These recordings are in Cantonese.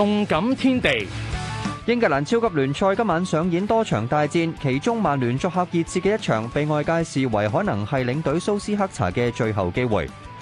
動感天地，英格蘭超級聯賽今晚上演多場大戰，其中曼聯作客熱刺嘅一場，被外界視為可能係領隊蘇斯克查嘅最後機會。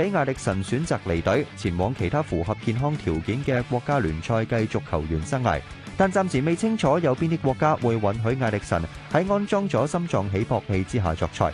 畀艾力神選擇離隊，前往其他符合健康條件嘅國家聯賽繼續球員生涯，但暫時未清楚有邊啲國家會允許艾力神喺安裝咗心臟起搏器之下作賽。